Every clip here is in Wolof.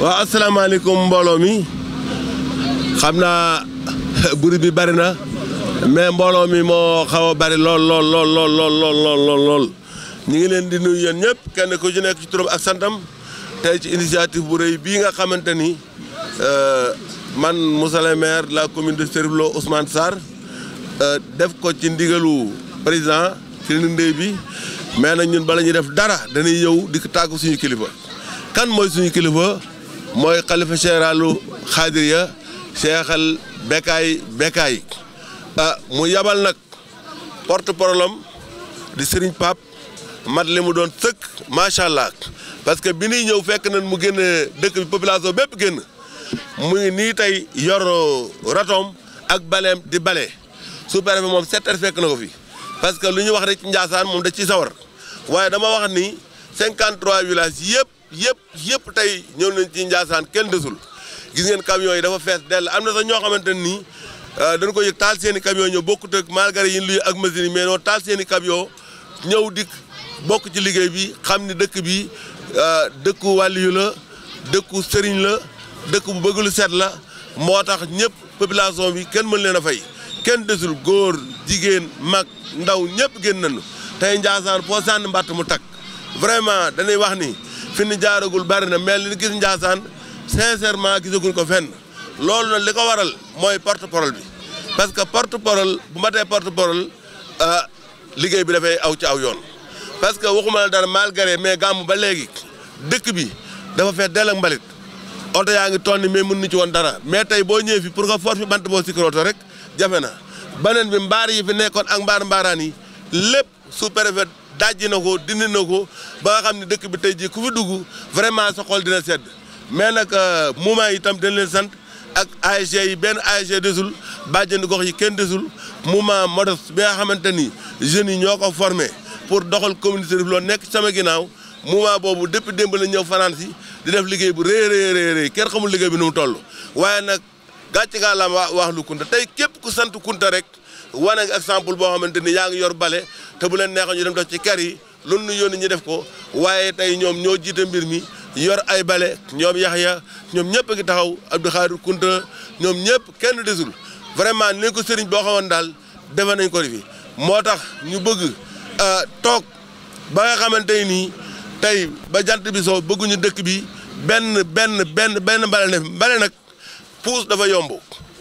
waaw asalaamaaleykum mbooloo mi xam naa buri bi bari na mais mbooloo mi moo xaw a bari lool lool lool lool lool lool lool ñu ngi leen di nuyu yéen ñëpp kenn ku ci nekk ci trop ak santam tey ci initiative bu rëy bii nga xamante ni euh, man Moussa le maire la commune de Cherif Lo Ousmane Sarr euh, def ko ci ndigalu président clinique ndey bi mais nag ñun bala ñuy def dara dañuy yow di tàggu suñu kilifa kan mooy suñu kilifa mooy xalifa généralu xaadiriya seexal bekkaay bekkaay ah mu yabal nag porte parole di Serigne Pape mat li mu doon sëkk macha allah parce que bi nuy ñëw fekk nañ mu génn dëkk bi population bépp génn mu muy nii tey yor ratom ak baleem di bale su sous-préfet moom sept heures fekk na ko fi parce que lu ñu wax rek Njaasaan moom da ci sawar waaye dama wax ni 53 villages yëpp. yëpp yëpp tey ñëw nañ ci Ndiassane kenn desul gis ngeen camions yi dafa fees dell am na sax ñoo xamante ne nii euh, dañ koy yëg taal seen i camions ñëw bokkut ak malgré ak machine yi mais noonu taal seen i ñëw dikk bokk ci liggéey bi xam ni dëkk bi euh, dëkku wàlliyu la dëkku sëriñ la dëkk bu bëgg set la moo tax ñëpp population bi kenn mën leen a fay kenn desul góor jigéen mag ndaw ñëpp génn nañu tey Ndiassane foo sànni mbàtt mu takk vraiment dañuy wax ni. fi ñu jaaragul bari na mel ni gis Ndiassane sincèrement gisaguñ ko fenn loolu na li ko waral mooy porte parole bi parce que porte parole bu matee porte parole ah, liggéey bi dafay aw ci aw yoon. parce que waxuma la dara malgré mais gàmm ba léegi dëkk bi dafa fee dell ak mbalit oto yaa ngi tonni mais mën ni ci woon dara mais tey boo ñëwee fi pour nga for fi bant boo sikirooto rek jafe na beneen bi mbaar yi fi nekkoon ak mbaar mbaaraan yi lépp sous dajji na ko dindi na ko ba nga xam ne dëkk bi tey jii ku fi dugg vraiment sa xol dina sedd mais nag euh, moment yi itam dañ leen sant ak ASG yi benn ASG desul bàjjenu gox yi kenn desul moment modeste bi nga xamante ni jeunes yi ñoo ko formé pour doxal communauté bi loolu nekk cama ginnaaw moment boobu depuis démb la ñëw fanaan si di def liggéey bu rëy rëy rëy xamul liggéey bi nu mu toll waaye nag gàcce gaal la wax lu kunta tey képp ku sant kunta rek. wane nga exemple boo xamante ni yaa ngi yor bale te bu leen neexoon ñu dem dox ci kër yi loolu nu yónni ñu def ko waaye tey ñoom ñoo jiite mbir mi yor ay bale ñoom Yaxya ñoom ñëpp a ngi taxaw Abdou Khadir Kunta ñoom ñëpp kenn desul vraiment ni ko sëriñ boo xamoon daal defe nañ ko fi moo tax ñu bëgg euh, toog ba nga xamante nii tey ba jant bi soo bëgguñu dëkk bi benn benn benn benn mbale mbale nag puus dafa yomb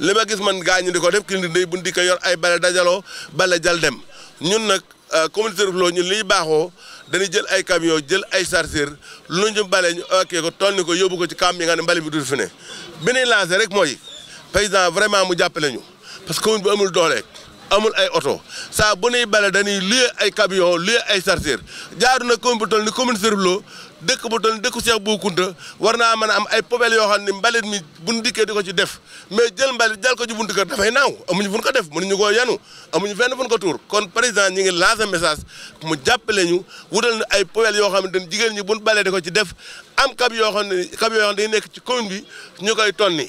li ma gis man gaa ñu di ko def clinique day buñ di ko yor ay bale dajaloo bale jal dem ñun nag euh, communauté rurale ñu liy baaxoo dañuy jël ay camion jël ay chargeur lu ñu bale ñu okkee ko toll ni ko yóbbu ko ci camp yi nga ne mbale bi du fi ne bi ñuy lancé rek mooy paysan vraiment mu jàppale ñu parce que commune amul dooleek amul ay oto saa bu nuy bale dañuy luye ay camion luye ay chargeur jaaru na commune bu toll ni commune Serigne Lo dëkk bu toll ni dëkku Cheikh Bou war naa mën a am ay poubelle yoo xam ne mbalit mi buñ dikkee di ko ci def mais jël mbalit jal ko ci buntu kër dafay naaw amuñu fuñ ko def mënuñu koo yanu amuñu fenn fuñ ko tuur kon président ñi ngi lancer message mu jàppale ñu wutal ñu ay poubelle yoo xam ne jigéen ñi buñ balee di ci def am camion yoo xam ne camion day nekk ci commune bi ñu koy tonni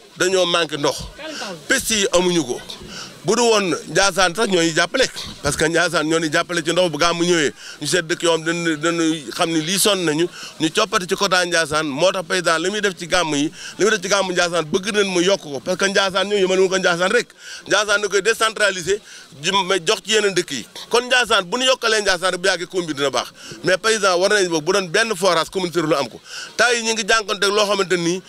dañoo manqué ndox piste yi amuñu ko bu du woon Ndiassane sax ñoo ñu jàppale parce que Ndiassane ñoo ñu jàppale ci ndox bu gàmmu ñëwee ñu seet dëkk yoo xam dañu ni lii sonn nañu ñu coppati ci côté Ndiassane moo tax président li muy def ci gàmm yi li muy bëgg nañ mu yokk ko parce que Ndiassane ñoo yëmal mu ko Ndiassane rek Ndiassane da koy décentraliser mais jox ci yeneen dëkk yi kon Ndiassane bu ñu yokkalee Ndiassane bu yàggee commune bi dina baax mais président war nañ boog bu doon benn forage communautaire lu am ko temps yi ñu ngi jànkonte loo xamante nii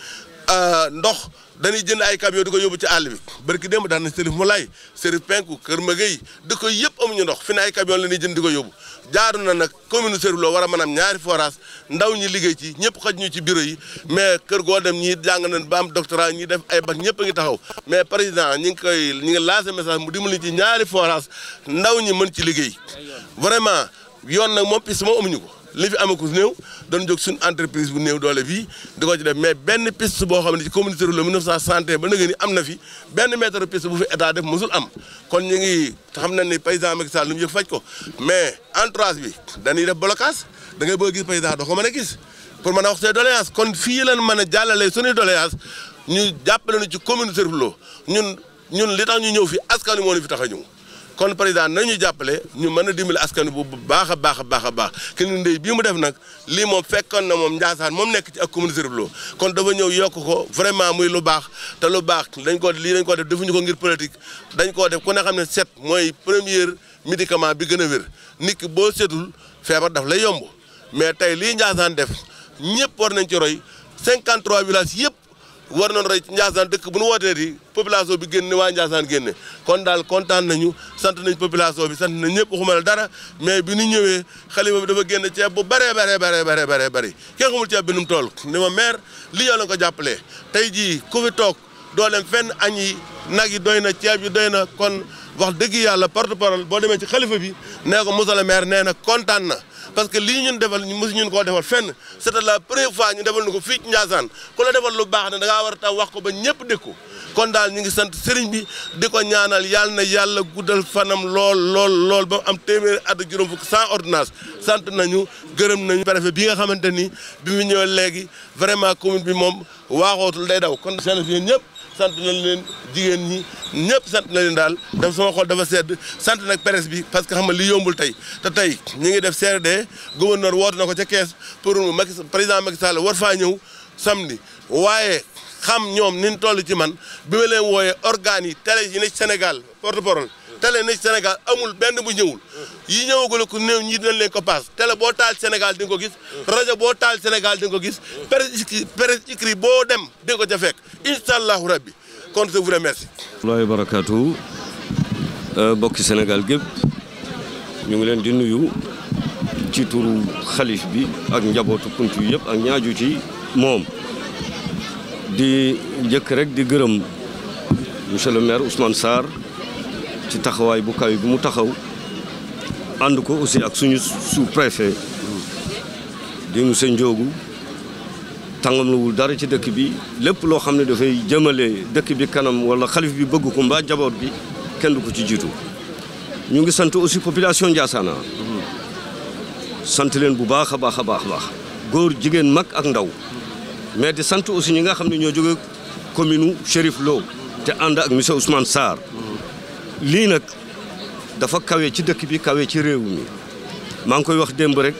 euh, ndox dañuy jënd ay camion di ko yóbbu ci àll bi barki dem daan na Serif Moulay Serif Penku Kër Maguèye dëkk yëpp amuñu ndox fi ne ay camion la ñuy jënd di ko yóbbu jaaru na nag commune Serif Lo war a mën am ñaari forage ndaw ñi liggéey ci ñëpp xaj ñu ci bureau yi mais kër goo dem ñii jàng nañ ba am doctorat ñii def ay bac ñëpp a ngi taxaw mais président ñi ngi koy ñi ngi lancé message mu dimbali ci ñaari forage ndaw ñi mën ci liggéey vraiment yoon nag moom piste moom amuñu ko li fi amakus néew doon jóg suñu entreprise bu néew doole fii di ko ci def mais benn pist boo xam ne ci communauté rurale 1961 ba nëgë ni am na fi benn mètre piste bu fi état def mosul am kon ñu ngi xam na ni paysan Macky Sall lu yëg faj ko mais entourage bi dañuy def blocage da ngay bëgg gis président doo ko mën a gis pour mën a wax say doléance kon fii lan mën a jàllale suñuy doléance ñu jàppale ñu ci communauté rurale ñun ñun li tax ñu ñëw fi askan wi moo ñu tax a ñëw kon président nañu jàppale ñu mën a dimbali askan bu baax a baax a baax a baax Këling bii mu def nag lii moom fekkoon na moom Ndiassane moom nekk ci ak commune Serigne Lo kon dafa ñëw yokk ko vraiment muy lu baax te lu baax dañ ko lii dañ ko def defuñu ko ngir politique dañ koo def ku ne xam ne set mooy premier médicament bi gën a wér nit boo setul feebar daf lay yomb mais tey lii Ndiassane def ñëpp war nañ ci roy 53 villages yëpp. war nañ roy Ndiassane dëkk bu nu wootee di population bi génne waa Ndiassane génne kon daal kontaan nañu sant nañ population bi sant nañ ñëpp waxuma dara mais bi ñu ñëwee xalima bi dafa génn ceeb bu bëree bëree bëree bëree bëree bëri kenn xamul ceeb bi nu mu toll ni ma maire li yow la ko jàppalee tey jii ku fi toog doo leen fenn yi nag yi doy na ceeb yi doy na kon wax dëgg yàlla porte parole boo demee ci xalifa bi nee ko monsieur le maire nee na kontaan na parce que lii ñun defal mosu ñun koo defal fenn c'est la première fois ñu defal ñu ko fii ci Ndiassane ku la defal lu baax ne da war a taw wax ko ba ñëpp dégg ko kon daal ñu ngi sant sëriñ bi di ko ñaanal yàlla na yàlla guddal fanam lool lool lool ba am téeméeri at juróom fukk sant ordonnance sant nañu gërëm nañu préfet bii nga xamante ni bi mu ñëwee léegi vraiment commune bi moom waaxootul day daw kon seen ñëpp sant nañ leen jigéen ñi ñëpp sant nañ leen daal dafa sama xol dafa sedd sant nag presse bi parce que xam nga li yombul tey te tey ñu ngi def CRD gouverneur woote na ko ca kees pour président Macky Sall war faa ñëw samedi waaye xam ñoom ni ñu toll man bi ma leen wooyee organes yi télé yi ne ci Sénégal porte parole ne ci amul benn bu ñëwul yi ñëwagul ko néew ñi dañ leen ko paas télé boo taal Sénégal di nga ko gis rajo boo taal Sénégal dinga ko gis presse presse écrit boo dem di nga ko ca fekk incha allahu rabbi kon je vous remercie. waaleykum barakaatu euh, bokki Sénégal gépp ñu ngi leen di nuyu ci turu bi ak njabootu kuntu yëpp ak ñaaju ci moom. di njëkk rek di gërëm monsieur le maire Ousmane Sarr ci taxawaay bu kaw bi mu taxaw ànd ko aussi ak suñu su sous-préfet di njóogu Ndiogou tàngamluwul dara ci dëkk bi lépp loo xam ne dafay jëmale dëkk bi kanam wala xalif bi bëgg ko mbaa jaboot bi kenn du ko ci jiitu ñu ngi sant aussi population Ndiassana mhm. sant leen bu baax a baax a baax a baax góor jigéen mag ak ndaw mais di sant aussi ñi nga xam ne ñoo jóge commune Chérif Lo te ànd ak monsieur Ousmane Sarr lii nag dafa kawe ci dëkk bi kawe ci réew mi maa ngi koy wax démb rek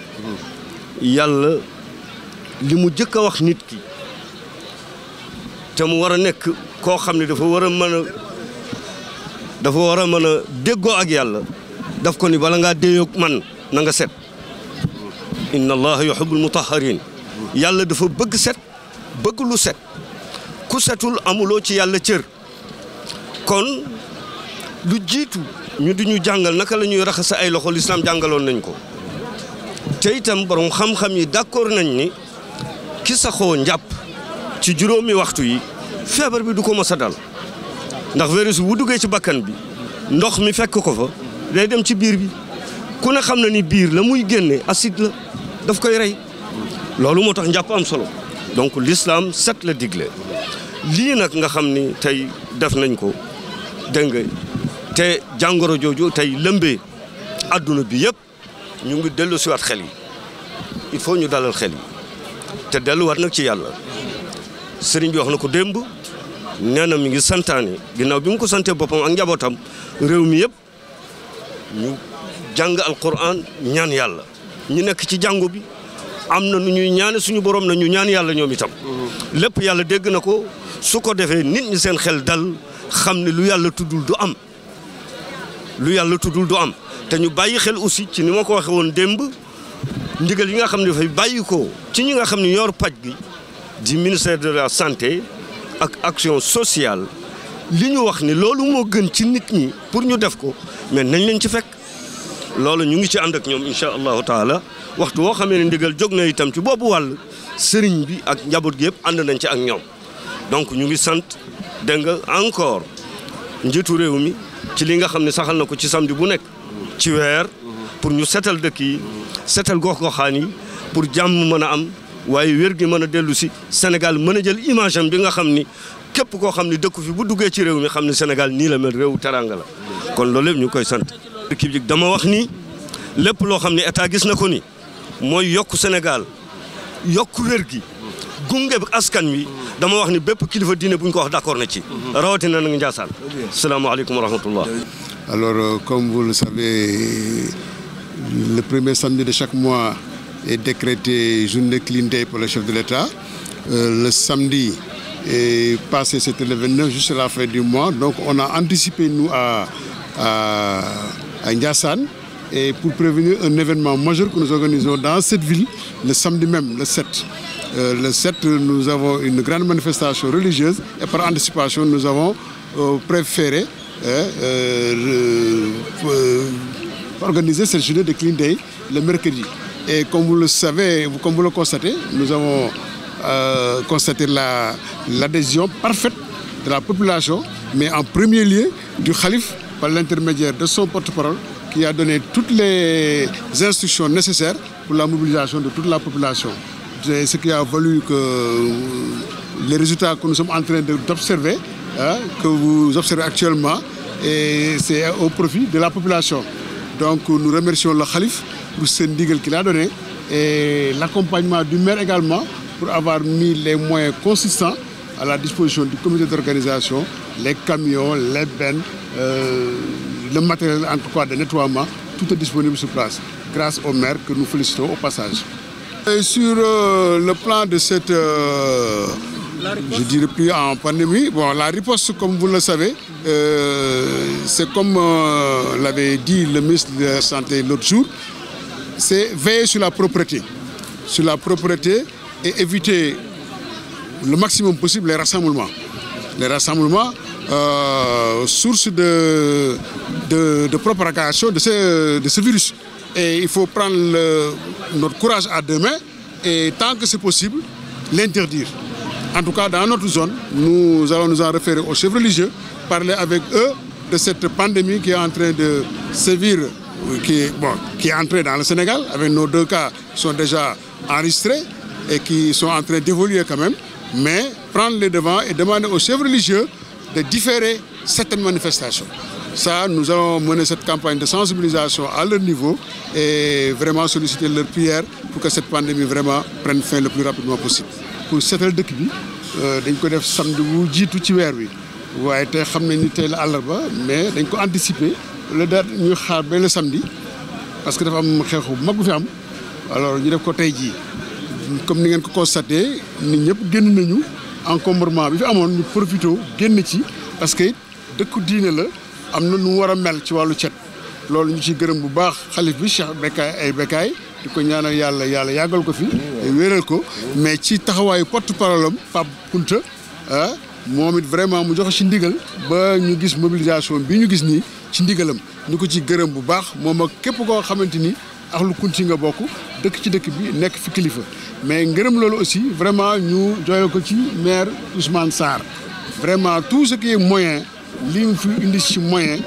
yàlla li mu jëkk a wax nit ki te mu war a nekk koo xam ne dafa war a mën a war a mën a déggoo ak yàlla daf ko ni bala ngaa déyoog man na nga set inna allaha yuhibbul mutahharin yàlla dafa bëgg set bëgg lu set ku setul amuloo ci yàlla cër kon lu jiitu ñu duñu jàngal naka la ñuy raxas ay loxo lislaam jàngaloon nañ ko te itam borom xam-xam yi d'accord nañ ni ki saxoo njàpp ci juróomi waxtu yi feebar bi du ko mës dal ndax virus bu duggee ci bakkan bi ndox mi fekk ko fa day dem ci biir bi ku ne xam na ni biir la muy génne acide la daf koy rey loolu moo tax njàpp am solo donc l'islam set la digle lii nag nga xam ni tey def nañ ko dégg nga te jàngoro jooju tey lëmbee adduna bi yëpp ñu ngi dellu siwaat xel yi il faut ñu dalal xel yi te delluwaat nag ci yàlla sëriñ bi wax na ko démb nee na ngi santaane ginnaaw bi mu ko santee boppam ak njabootam réew mi yëpp ñu jàng alquran ñaan yàlla ñu nekk ci jàngu bi am na nu ñuy ñaane suñu borom na ñu ñaan yàlla ñoom itam. Mm-hmm. lépp yàlla dégg na ko su ko defee nit ñi seen xel dal xam ne lu yàlla tuddul du am lu yàlla tuddul du am te ñu bàyyi xel aussi ci ni ma ko waxee woon démb ndigal yi nga xam ne dafay bàyyi ko ci ñi nga xam ne yor paj gi di ministère de la santé ak action sociale li ñu wax ni loolu moo gën ci nit ñi pour ñu def ko mais nañ leen ci fekk. loolu ñu ngi ci ànd ak ñoom incha allahu taala waxtu woo xamee ne ndigal jóg na itam ci boobu wàll sëriñ bi ak njaboot gi yëpp ànd nañ ci ak ñoom donc ñu ngi sant dégg nga encore njiitu réew mi ci li nga xam ne saxal na ko ci samedi bu nekk ci weer pour ñu setal dëkk yi setal gox-goxaan yi pour jàmm mën a am waaye wér gi mën a dellu si Sénégal mën a jël image bi nga xam ni képp koo xam ni dëkku fi bu duggee ci réew mi xam ne Sénégal nii la mel réewu teraanga la kon loolu ñu koy sant équipe dama wax ni lépp loo xam ne état gis na ko ni mooy yokk Sénégal yokk wér gi gunge askan wi dama wax ni bépp kilifa diine bu ñu ko wax d'accord na ci. rawatina na wa rahmatullah. alors euh, comme vous le savez le premier samedi de chaque mois est décrété journée clean day pour le chef de l'État euh, le samedi. et passé, c'était le 29 jusqu'à la fin du mois. Donc on a anticipé, nous, à, à à et pour prévenir un événement majeur que nous organisons dans cette ville le samedi même, le 7. Euh, le 7, nous avons une grande manifestation religieuse et par anticipation, nous avons euh, préféré hein, euh, organiser cette journée de Clean Day le mercredi. Et comme vous le savez, comme vous le constatez, nous avons constaté l'adhésion parfaite de la population, mais en premier lieu du calife par l'intermédiaire de son porte-parole qui a donné toutes les instructions nécessaires pour la mobilisation de toute la population. C'est ce qui a voulu que euh, les résultats que nous sommes en train d'observer, hein, que vous observez actuellement, et c'est au profit de la population. Donc nous remercions le Khalif, pour ce ndigal qu'il a donné et l'accompagnement du maire également pour avoir mis les moyens consistants à la disposition du comité d'organisation les camions, les bennes, euh, le matériel en de nettoiement, tout est disponible sur place, grâce au maire que nous félicitons au passage. Et sur euh, le plan de cette, euh, je dirais plus en pandémie, bon, la riposte, comme vous le savez, c'est comme l'avait dit le ministre de la Santé l'autre jour, c'est veiller sur la propreté. Sur la propreté et éviter le maximum possible les rassemblements. Les rassemblements, euh, source de, de, propagation de ce, de ce virus. Et il faut prendre notre courage à deux mains et tant que c'est possible, l'interdire. En tout cas, dans notre zone, nous allons nous en référer aux chefs religieux, parler avec eux de cette pandémie qui est en train de sévir, euh, qui bon, qui est entrée dans le Sénégal, avec nos deux cas qui sont déjà enregistrés et qui sont en train d'évoluer quand même. Mais prendre les devants et demander aux chefs religieux de différer certaines manifestations. Ça, nous allons mener cette campagne de sensibilisation à leur niveau et vraiment solliciter leur prière pour que cette pandémie vraiment prenne fin le plus rapidement possible. pour cette dëkk nous euh, dañ ko def samedi wu jiitu ci weer wi faire. tey mais nous avons anticiper le date nous xaar le samedi parce que dafa am xeexu alors ñu def ko comme nous avons constaté nous avons génn nañu. encombrement bi fi amoon ñu profité génn ci parce que dëkku diine la am na nu war a mel ci wàllu cet loolu ñu ci gërëm bu baax xalif bi Cheikh Bekkaay ay Bekkaay di ko ñaanal yàlla yàlla yàggal ko fi wéeral ko mais ci taxawaayu porte parole am Pape Kounta ah, moom it vraiment mu joxe ci ndigal ba ñu gis mobilisation bi ñu gis nii ci ndigalam ñu ko ci gërëm bu baax moom ak képp koo xamante ni ak lu kunti nga bokk ci bi mais aussi vraiment ñu ko ci maire Ousmane Sarr vraiment tout ce qui est moyen li moyen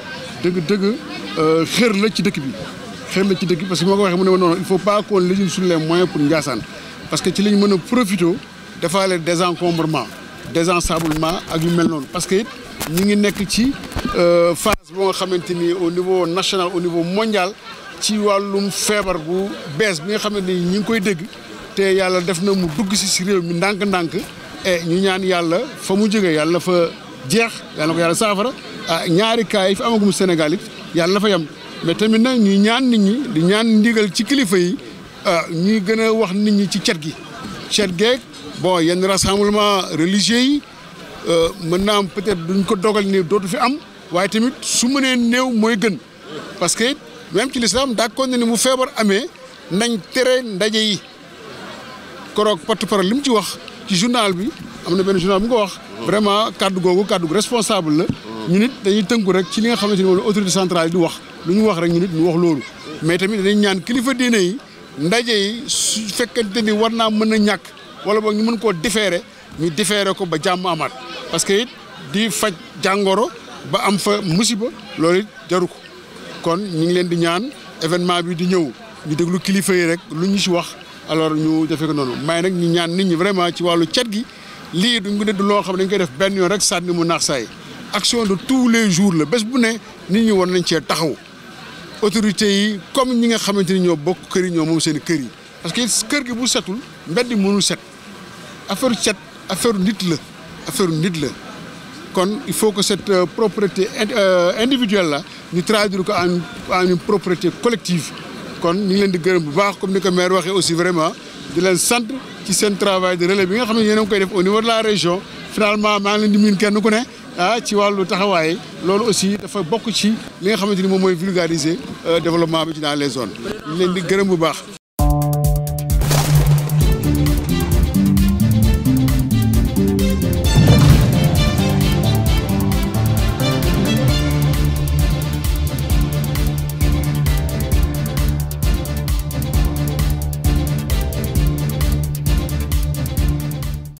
dëgg dëgg euh, xër la parce que moo ne faut pas qu'on les moyens pour parce que ci lañ mën a profité désencombrement le ak yu mel parce que nous ngi euh, phase au niveau national au niveau mondial ci wàllum feebar bu bees bi nga xam ni ñu ngi koy dégg te yàlla def na mu dugg si si réew mi ndànk-ndànk e ñu ñaan yàlla fa mu jógee yàlla fa jeex yàlla ko yàlla saafara ah ñaari cas yi fi amagum Sénégal it yàlla na fa yem mais tamit nag ñu ñaan nit ñi di ñaan ndigal ci kilifa yi ñuy gën a wax nit ñi ci cet gi. cet geeg bon yenn rassemblement religieux yi e mën naa am peut-être duñ ko dogal ni dootu fi am waaye tamit su mënee néew mooy gën parce que. même ci lislaam d'accord na ni mu feebar amee nañ tere ndaje yi koroog porte-parole li mu ci wax ci journal bi am na benn journal mu ko wax. vraiment kàddu googu kàddu responsable la. ñu nit dañuy tënku rek ci li nga xamante ni moom la autorité centrale di wax lu ñu wax rek ñu it ñu wax loolu. mais tamit dañuy ñaan kilifa diine yi ndaje yi su fekkente ni war naa mën a ñàkk wala boog ñu mën koo différer ñu différer ko ba jàmm amaat parce que it di faj jàngoro ba am fa musiba loolu it jaru ko. kon ñu ngi leen di ñaan événement bi di ñëw ñu déglu kilifa yi rek lu ñu si wax alors ñu defee ko noonu may nag ñu ñaan nit ñi vraiment ci wàllu cet gi lii du ko dëdd loo xam ne dañ koy def benn yoon rek sànni mu naax saay action de tous les jours la bés bu ne nit ñi war nañ cee taxaw autorité yi comme ñi nga xamante ni ñoo bokk kër yi ñoo moom seen kër yi parce que kër gi bu setul mbedd mënul set affaire set affaire nit la affaire nit la kon il faut que cette euh, propriété euh, individuelle là ñu traduire ko en en une propriété collective kon ñu ngi leen di gërëm bu baax comme ni ko maire waxee aussi vraiment di leen sant ci seen travail de relais bi nga xam ne yéen a koy def au niveau de la région finalement maa ngi leen di miin kenn ku ne ah ci wàllu taxawaay loolu aussi dafa bokk ci li nga xamante ni moom mooy vulgariser euh, développement bi ci dans les zones ñu leen di gërëm bu baax